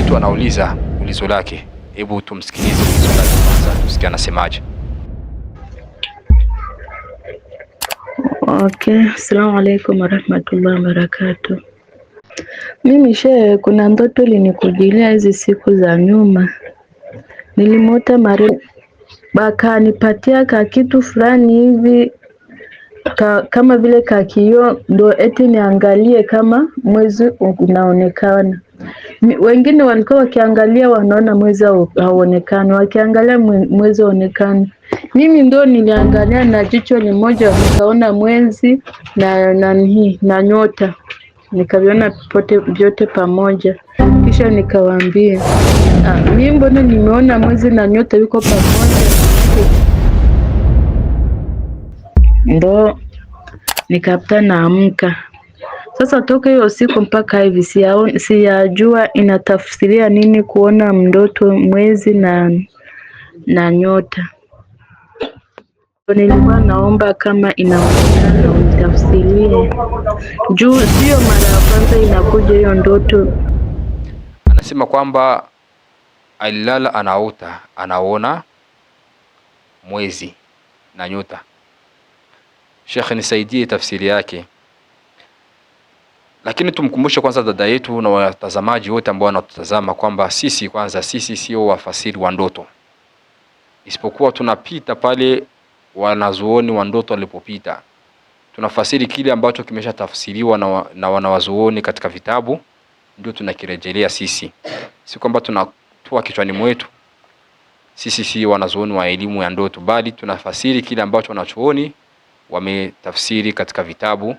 wetu anauliza ulizo lake. Hebu tumsikilize ulizo lake kwanza, tusikie anasemaje. Okay, assalamu alaikum warahmatullahi wabarakatu Mimi shehe, kuna ndoto ilinikujilia hizi siku za nyuma, nilimota mare bakanipatia ka kitu fulani hivi ka, kama vile kakio, ndo eti niangalie kama mwezi unaonekana wengine walikuwa wakiangalia wanaona mwezi hauonekani, wakiangalia mwezi haonekani. Mimi ndo niliangalia na jicho limoja nikaona mwezi na nani na nyota, nikaviona pote vyote pamoja, kisha nikawaambia, ah, mi mbona nimeona mwezi na nyota yuko pamoja? Ndo nikapata naamka sasa toka hiyo siku mpaka hivi sijajua inatafsiria nini kuona mdoto mwezi na na nyota. Nilikuwa naomba kama ina umtafsirie juu sio mara ya kwanza inakuja hiyo ndoto. Anasema kwamba alilala anaota anaona mwezi na nyota. Sheikh, nisaidie tafsiri yake. Lakini tumkumbushe kwanza dada yetu na watazamaji wote ambao wanatutazama kwamba sisi kwanza, sisi sio wafasiri wa ndoto, isipokuwa tunapita pale wanazuoni wa ndoto walipopita, tunafasiri kile ambacho kimeshatafsiriwa na, na wanawazuoni katika vitabu, ndio tunakirejelea sisi, si kwamba tunatoa kichwani mwetu. Sisi si wanazuoni wa elimu ya ndoto, bali tunafasiri kile ambacho wanachuoni wametafsiri katika vitabu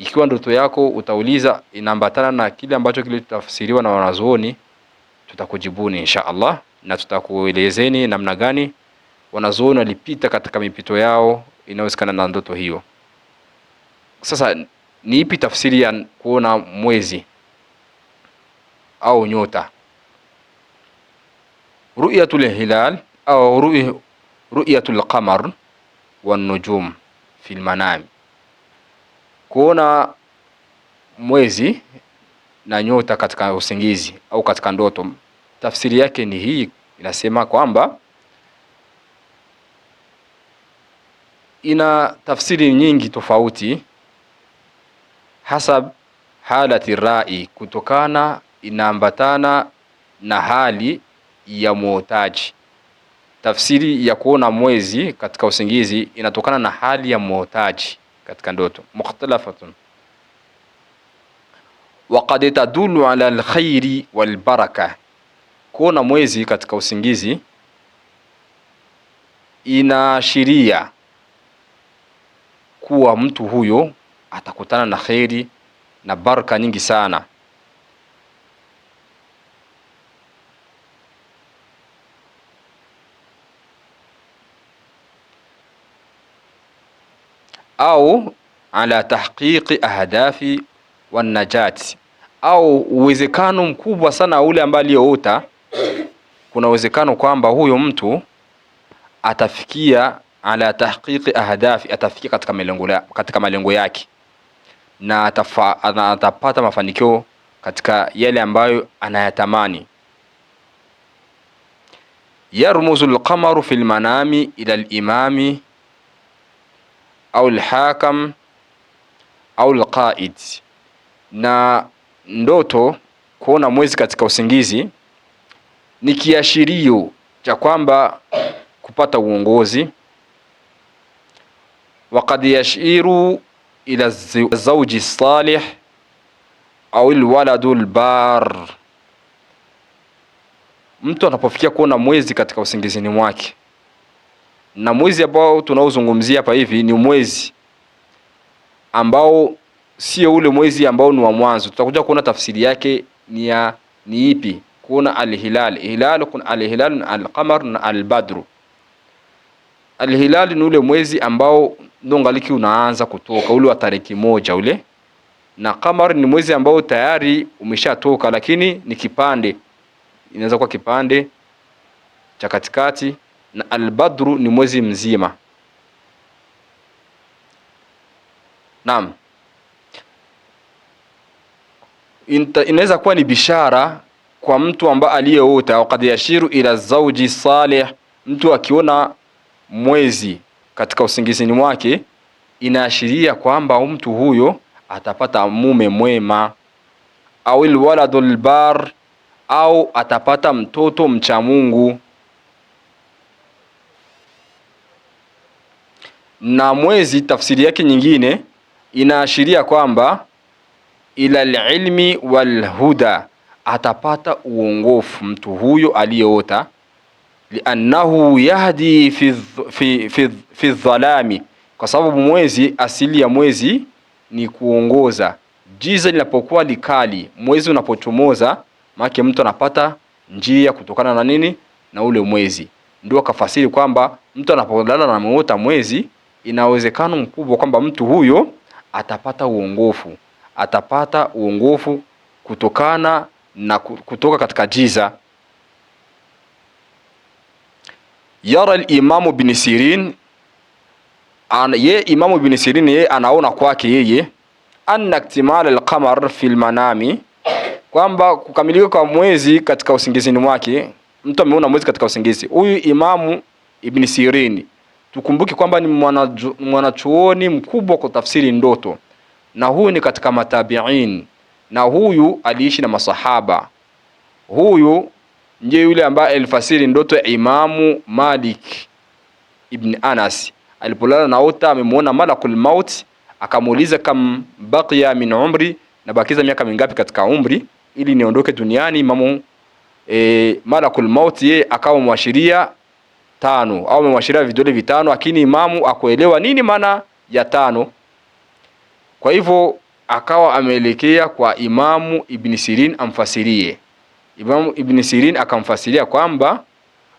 ikiwa ndoto yako utauliza inaambatana na kile ambacho kilitafsiriwa na wanazuoni, tutakujibuni insha Allah na tutakuelezeni namna gani wanazuoni walipita katika mipito yao inayohusikana na ndoto hiyo. Sasa ni ipi tafsiri ya kuona mwezi au nyota? Ru'yatul hilal au ru'yatul qamar wan nujum fil manami Kuona mwezi na nyota katika usingizi au katika ndoto, tafsiri yake ni hii, inasema kwamba ina tafsiri nyingi tofauti, hasab halati rai, kutokana inaambatana na hali ya muotaji. Tafsiri ya kuona mwezi katika usingizi inatokana na hali ya muotaji katika ndoto mukhtalafatun wa qad tadulu ala alkhairi walbaraka. Kuona mwezi katika usingizi inaashiria kuwa mtu huyo atakutana na kheri na baraka nyingi sana. au ala tahqiqi ahdafi wanajati, au uwezekano mkubwa sana ule ambaye aliyoota, kuna uwezekano kwamba huyo mtu atafikia ala tahqiqi ahdafi, atafikia katika malengo katika malengo yake na atafa, atapata mafanikio katika yale ambayo anayatamani. Yarmuzu lqamaru fi lmanami ila limami au lhakam au lqaid Na ndoto kuona mwezi katika usingizi ni kiashirio cha kwamba kupata uongozi. Waqad yashiru ila zawji salih au lwaladu lbar mtu anapofikia kuona mwezi katika usingizini mwake na mwezi ambao tunaozungumzia hapa hivi ni mwezi ambao sio ule mwezi ambao ni wa mwanzo. Tutakuja kuona tafsiri yake ni ya ni ipi. Kuna alhilal hilal, kuna alhilal na alqamar na albadru. Alhilal ni ule mwezi ambao ndongaliki unaanza kutoka ule wa tariki moja ule, na qamar ni mwezi ambao tayari umeshatoka, lakini ni kipande, inaweza kuwa kipande cha katikati na albadru ni mwezi mzima. Naam, inaweza kuwa ni bishara kwa mtu ambaye aliyeota, wakad yashiru ila zauji salih, mtu akiona mwezi katika usingizini mwake inaashiria kwamba mtu huyo atapata mume mwema, au lwaladul bar, au atapata mtoto mcha Mungu. na mwezi tafsiri yake nyingine inaashiria kwamba ila lilmi walhuda, atapata uongofu mtu huyo aliyeota, liannahu yahdi fi, fi, dhalami, kwa sababu mwezi, asili ya mwezi ni kuongoza. jiza linapokuwa likali, mwezi unapochomoza, maana mtu anapata njia kutokana na nini? Na ule mwezi. Ndio akafasiri kwamba mtu anapolala na ameota mwezi ina uwezekano mkubwa kwamba mtu huyo atapata uongofu, atapata uongofu kutokana na kutoka katika jiza Yara al-Imamu bin Sirin an, ye Imamu bin Sirin ye anaona kwake yeye anna iktimal al-qamar fi al-manami, kwamba kukamilika kwa mwezi katika usingizini mwake. Mtu ameona mwezi katika usingizi. Huyu Imamu Ibn Sirin Tukumbuke kwamba ni mwanachuoni mkubwa kwa tafsiri ndoto, na huyu ni katika matabiin, na huyu aliishi na masahaba. Huyu ndiye yule ambaye alifasiri ndoto ya Imamu Malik ibn Anas alipolala uta, amemwona malakul maut, akamuuliza kam baqiya min umri, na bakiza miaka mingapi katika umri ili niondoke duniani. Imamu e, malakul maut yeye akawa mwashiria tano au amemwashiria vidole vitano, lakini imamu akuelewa nini maana ya tano. Kwa hivyo akawa ameelekea kwa imamu Ibn Sirin amfasirie. Imamu Ibn Sirin akamfasiria kwamba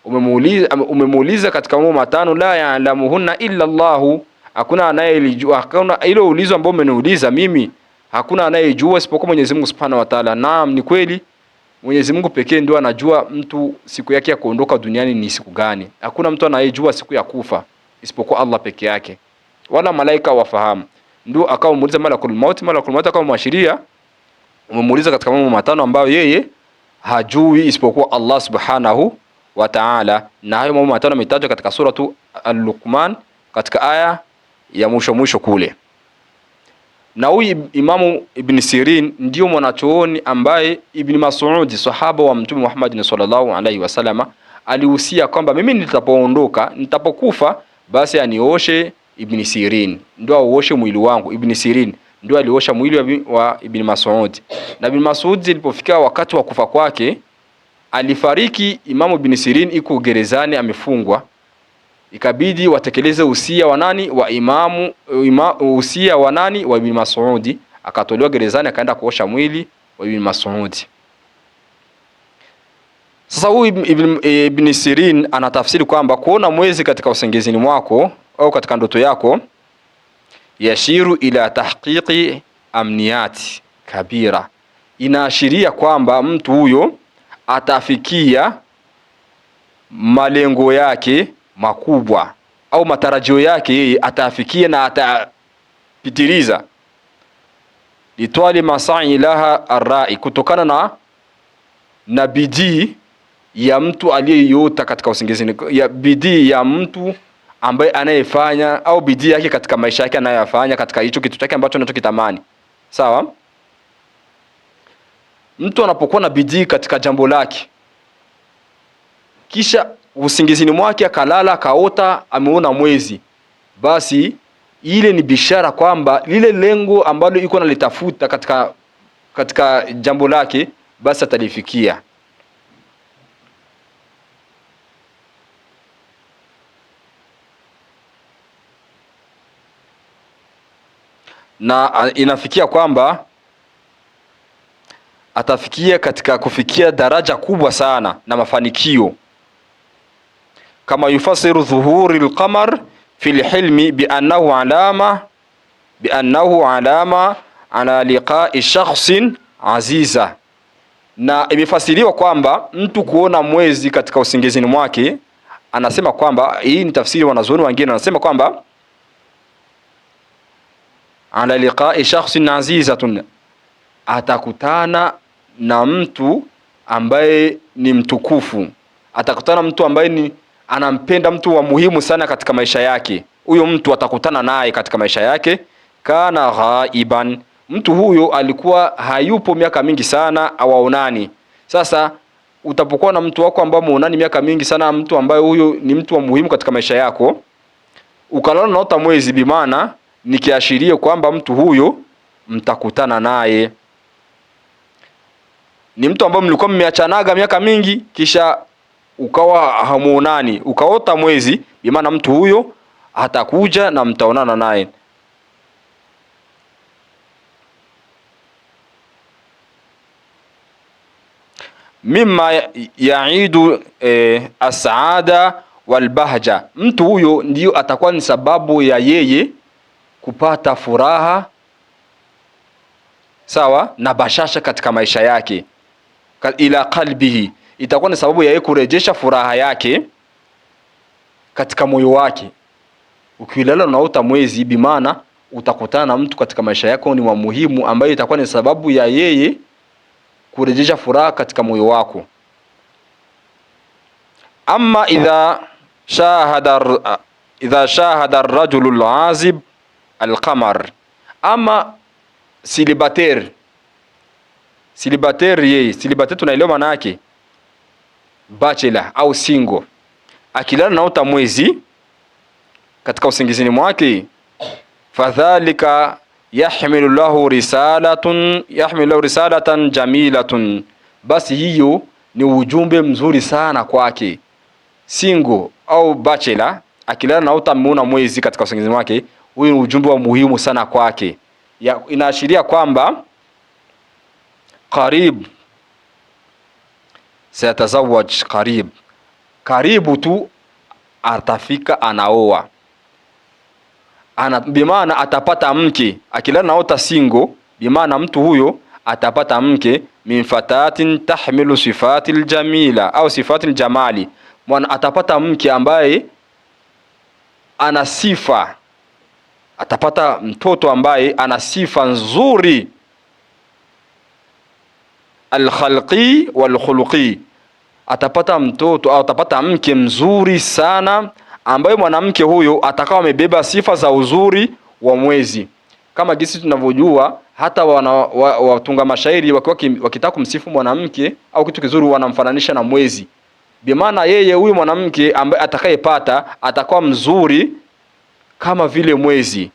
umemuuliza, umemuuliza katika mambo matano la yaalamuhunna illa Allahu, hakuna anayelijua, hakuna ile ulizo ambao umeniuliza mimi, hakuna anayejua isipokuwa Mwenyezi Mungu Subhanahu wa Ta'ala. Naam, ni kweli. Mwenyezi Mungu pekee ndio anajua mtu siku yake ya kuondoka duniani ni siku gani. Hakuna mtu anayejua siku ya kufa isipokuwa Allah peke yake, wala malaika wafahamu. Ndio akamuuliza malakul maut, malakul maut akamwashiria, umemuuliza katika mambo matano ambayo yeye hajui isipokuwa Allah subhanahu wa ta'ala, na hayo mambo matano ametajwa katika suratu Al-Luqman katika aya ya mwisho mwisho kule na huyu Imamu Ibn Sirin ndio mwanachuoni ambaye Ibn masudi sahaba wa Mtume Muhammad sallallahu alaihi wasallama alihusia kwamba mimi nitapoondoka, nitapokufa, basi anioshe Ibn Sirin, ndio auoshe mwili wangu. Ibn Sirin ndio aliosha mwili wa Ibn masudi na Ibn masudi ilipofika wakati wa kufa kwake alifariki. Imamu Ibn Sirin iko gerezani amefungwa ikabidi watekeleze usia wa nani wa imamu uh, ima, uh, usia wa nani wa Ibn Mas'ud. Akatolewa gerezani akaenda kuosha mwili wa Ibn Mas'ud. Sasa huyu Ibn, Ibn Sirin anatafsiri kwamba kuona mwezi katika usingizini mwako au katika ndoto yako yashiru ila tahqiqi amniyati kabira, inaashiria kwamba mtu huyo atafikia malengo yake makubwa au matarajio yake yeye atafikia na atapitiliza. Litwali masai laha arai, kutokana na na bidii ya mtu aliyeyota katika usingizini, ya bidii ya mtu ambaye anayefanya au bidii yake katika maisha yake anayoyafanya katika hicho kitu chake ambacho anachokitamani. Sawa, mtu anapokuwa na bidii katika jambo lake kisha usingizini mwake akalala, akaota ameona mwezi, basi ile ni bishara kwamba lile lengo ambalo iko nalitafuta katika, katika jambo lake basi atalifikia. na inafikia kwamba atafikia katika kufikia daraja kubwa sana na mafanikio kama yufasiru dhuhuri lqamar fi lhilmi biannahu alama biannahu alama ala liqai shakhsin aziza, na imefasiriwa kwamba mtu kuona mwezi katika usingizini mwake. Anasema kwamba hii ni tafsiri wanazuoni wengine, anasema kwamba ala liqai shakhsin azizatun, atakutana na mtu ambaye ni mtukufu, atakutana mtu ambaye ni anampenda mtu wa muhimu sana katika maisha yake, huyo mtu atakutana naye katika maisha yake. Kana ghaiban, mtu huyo alikuwa hayupo miaka mingi sana, awaonani. Sasa utapokuwa na mtu wako ambaye muonani miaka mingi sana, mtu ambaye huyo ni mtu wa muhimu katika maisha yako, ukalala naota mwezi, bimana nikiashirie kwamba mtu huyo mtakutana naye, ni mtu ambaye mlikuwa mmeachanaga miaka mingi, kisha ukawa hamuonani, ukaota mwezi, bi maana mtu huyo hatakuja na mtaonana naye. mima yaidu e, eh, asaada walbahja, mtu huyo ndiyo atakuwa ni sababu ya yeye kupata furaha sawa na bashasha katika maisha yake ila qalbihi itakuwa ni sababu ya yeye kurejesha furaha yake katika moyo wake. Ukilala na uta mwezi, bi maana utakutana na mtu katika maisha yako ni wa muhimu, ambayo itakuwa ni sababu ya yeye kurejesha furaha katika moyo wako. Ama idha shahada idha shahada ar-rajulu al-azib al-qamar, ama silibater silibater, yeye silibater tunaelewa maana yake bachelor au single akilala uta mwezi katika usingizini mwake, fadhalika yahmilu lahu risalatun yahmilu lahu risalatan jamilatun, basi hiyo ni ujumbe mzuri sana kwake. Single au bachelor akilala naota muona mwezi katika usingizini mwake huyu ni ujumbe wa muhimu sana kwake, inaashiria kwamba karibu sayatazawaj qarib, karibu tu atafika anaoa ana, bimaana atapata mke. akila naota singo, bimaana mtu huyo atapata mke min fatatin tahmilu sifati ljamila au sifati ljamali, mwana atapata mke ambaye ana sifa, atapata mtoto ambaye ana sifa nzuri alkhalqi walkhuluqi, atapata mtoto au atapata mke mzuri sana, ambaye mwanamke huyo atakawa amebeba sifa za uzuri wa mwezi. Kama jinsi tunavyojua hata wana, wa, watunga mashairi wakiwa wakitaka kumsifu mwanamke au kitu kizuri wanamfananisha na mwezi. Bi maana yeye huyu mwanamke ambaye atakayepata atakuwa mzuri kama vile mwezi,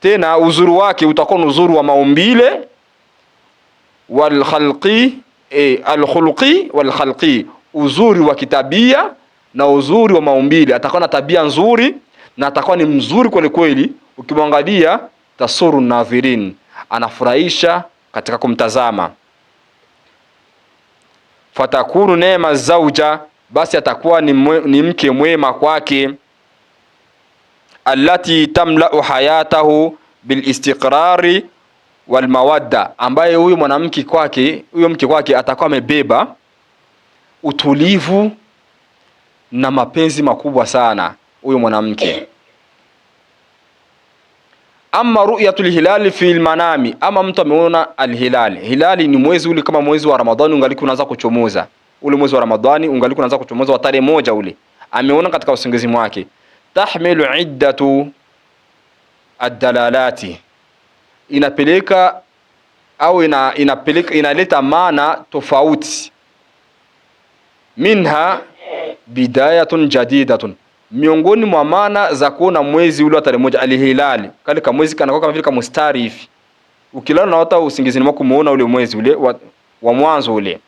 tena uzuri wake utakuwa ni uzuri wa maumbile walkhalqi e, alkhulqi walkhalqi, uzuri wa kitabia na uzuri wa maumbile. Atakuwa na tabia nzuri na atakuwa ni mzuri kweli kweli, ukimwangalia tasuru nadhirin, anafurahisha katika kumtazama. Fatakunu neema zauja, basi atakuwa ni, mwe, ni mke mwema kwake. Allati tamlau hayatahu bilistiqrari walmawadda, ambaye huyu mwanamke kwake, huyo mke kwake atakuwa amebeba utulivu na mapenzi makubwa sana huyu mwanamke. Ama ru'yatu hilali fi manami, ama mtu ameona alhilali. Hilali ni mwezi ule kama mwezi wa Ramadhani ungaliko unaanza kuchomoza, ule mwezi wa Ramadhani ungaliko unaanza kuchomoza wa tarehe moja ule, ameona katika usingizi mwake. Tahmilu iddatu ad-dalalati inapeleka au ina, inapeleka inaleta maana tofauti. Minha bidayatun jadidatun, miongoni mwa maana za kuona mwezi ule wa tarehe moja, alhilali kale ka mwezi kanakuwa kama vile kama mstari hivi, ukilala hata usingizini mwako muona ule mwezi ule wa, wa mwanzo ule,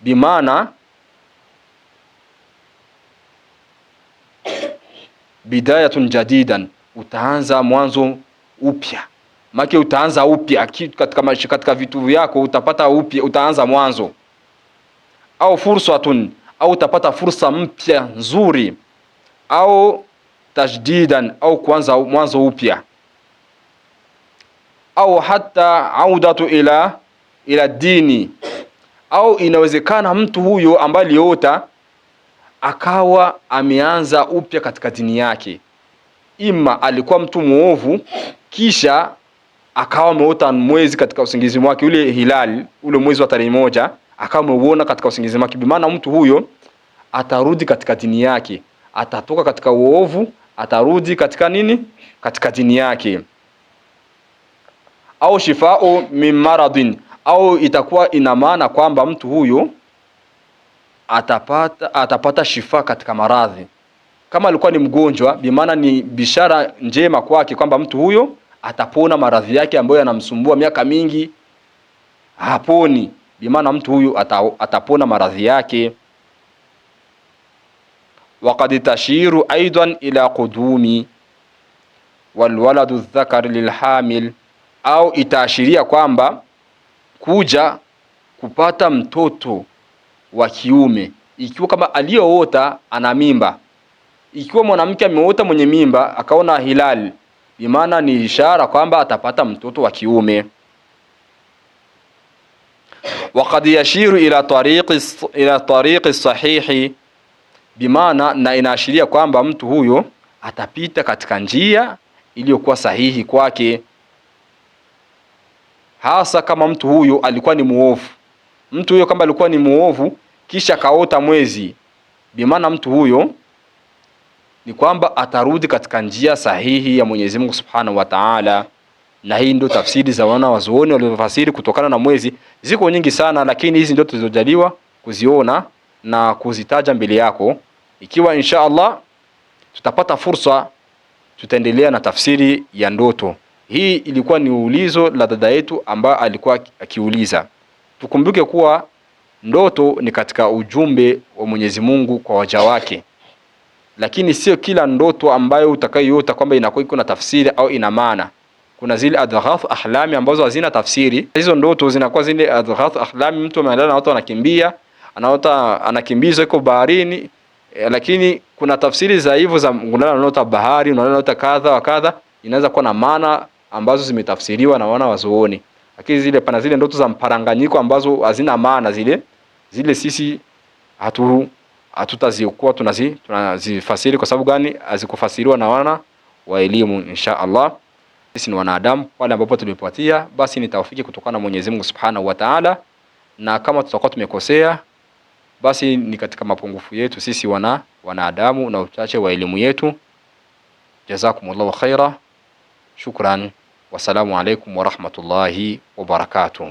bimaana bidayatun jadidan, utaanza mwanzo upya make utaanza upya katika, katika vitu vyako utapata upya, utaanza mwanzo. Au fursatun, au utapata fursa mpya nzuri, au tajdidan, au kuanza mwanzo upya, au hata audatu ila ila dini, au inawezekana mtu huyo ambaye aliota akawa ameanza upya katika dini yake, ima alikuwa mtu mwovu kisha akawa ameota mwezi katika usingizi wake, ule hilali ule mwezi wa tarehe moja akawa ameuona katika usingizi wake. Bi maana mtu huyo atarudi katika dini yake, atatoka katika uovu, atarudi katika nini? Katika dini yake. Au shifao min maradin, au itakuwa ina maana kwamba mtu huyo atapata, atapata shifa katika maradhi. Kama alikuwa ni mgonjwa, bi maana ni bishara njema kwake kwamba mtu huyo atapona maradhi yake ambayo yanamsumbua miaka mingi? Haponi. Bimaana mtu huyu ata, atapona maradhi yake. Wakad tashiru aidan ila qudumi walwaladu dhakari lilhamil, au itaashiria kwamba kuja kupata mtoto wa kiume ikiwa kama aliyoota ana mimba, ikiwa mwanamke ameota mwenye mimba akaona hilali Imana ni ishara kwamba atapata mtoto wa kiume. Wakad yashiru ila tariqi ila tariqi sahihi, bimaana na inaashiria kwamba mtu huyo atapita katika njia iliyokuwa sahihi kwake, hasa kama mtu huyo alikuwa ni muovu. Mtu huyo kama alikuwa ni muovu kisha kaota mwezi, bimaana mtu huyo ni kwamba atarudi katika njia sahihi ya Mwenyezi Mungu Subhanahu wa Ta'ala, na hii ndio tafsiri za wana wazuoni waliofasiri kutokana na mwezi. Ziko nyingi sana, lakini hizi ndio tulizojaliwa kuziona na kuzitaja mbele yako. Ikiwa insha Allah tutapata fursa, tutaendelea na tafsiri ya ndoto. Hii ilikuwa ni ulizo la dada yetu ambaye alikuwa akiuliza. Tukumbuke kuwa ndoto ni katika ujumbe wa Mwenyezi Mungu kwa waja wake lakini sio kila ndoto ambayo utakayoota kwamba inakuwa iko na tafsiri au ina maana. Kuna zile adghath ahlami ambazo hazina tafsiri. Hizo ndoto zinakuwa zile adghath ahlami, mtu amelala na watu wanakimbia, anaota anakimbizwa, iko baharini e, lakini kuna tafsiri za hivyo za unalala unaota bahari, unalala unaota kadha wa kadha, inaweza kuwa na maana ambazo zimetafsiriwa na wana wazuoni. Lakini zile pana zile ndoto za mparanganyiko ambazo hazina maana, zile zile sisi hatu hatutazikuwa tunazi tunazifasiri kwa sababu gani? Hazikufasiriwa na wana wa elimu. Insha Allah, sisi ni wanadamu, pale ambapo tumepatia basi ni taufiki kutokana na Mwenyezi Mungu Subhanahu wa Ta'ala, na kama tutakuwa tumekosea basi ni katika mapungufu yetu sisi wana wanadamu na uchache wa elimu yetu. Jazakumullahu khaira, shukran, wassalamu alaikum warahmatullahi wabarakatuh.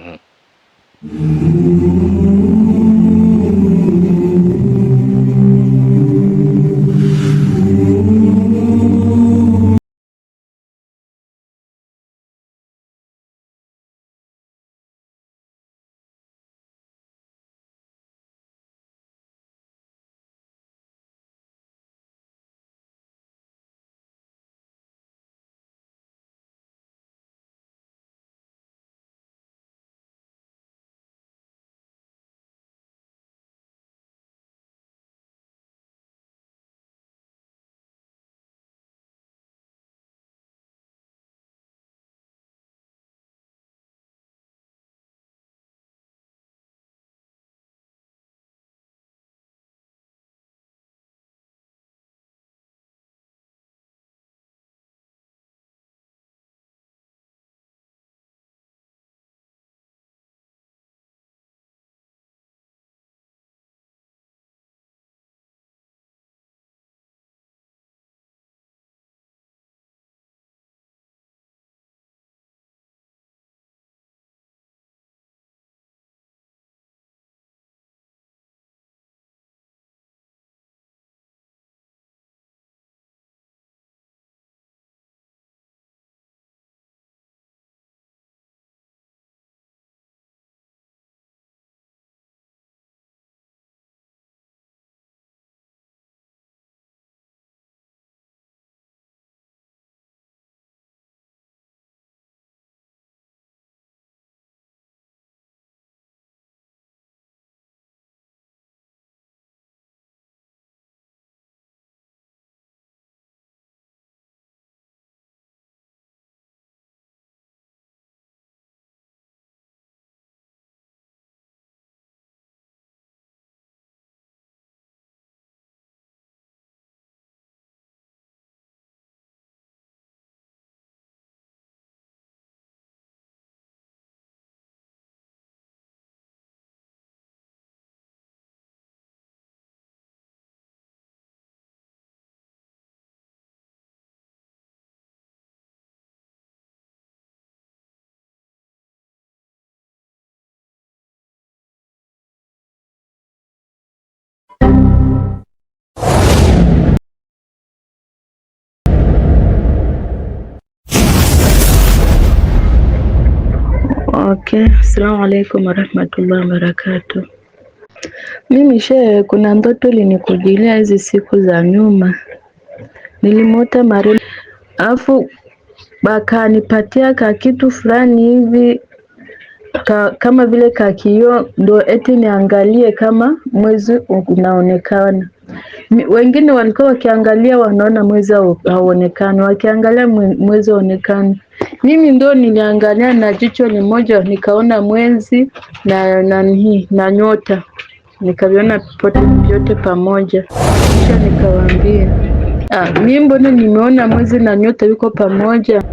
Okay, assalamu alaikum warahmatullahi wabarakatu Mimi shehe, kuna ndoto ilinikujilia hizi siku za nyuma, nilimota mare afu bakanipatia ka kitu fulani hivi ka, kama vile kakioo, ndo eti niangalie kama mwezi unaonekana wengine walikuwa wakiangalia wanaona mwezi hauonekani, wakiangalia mwezi hauonekani. Mimi ndo niliangalia na jicho limoja nikaona mwezi na nani na nyota, nikaviona pote vyote pamoja, kisha nikawaambia mi ah, mimi mbona nimeona mwezi na nyota yuko pamoja.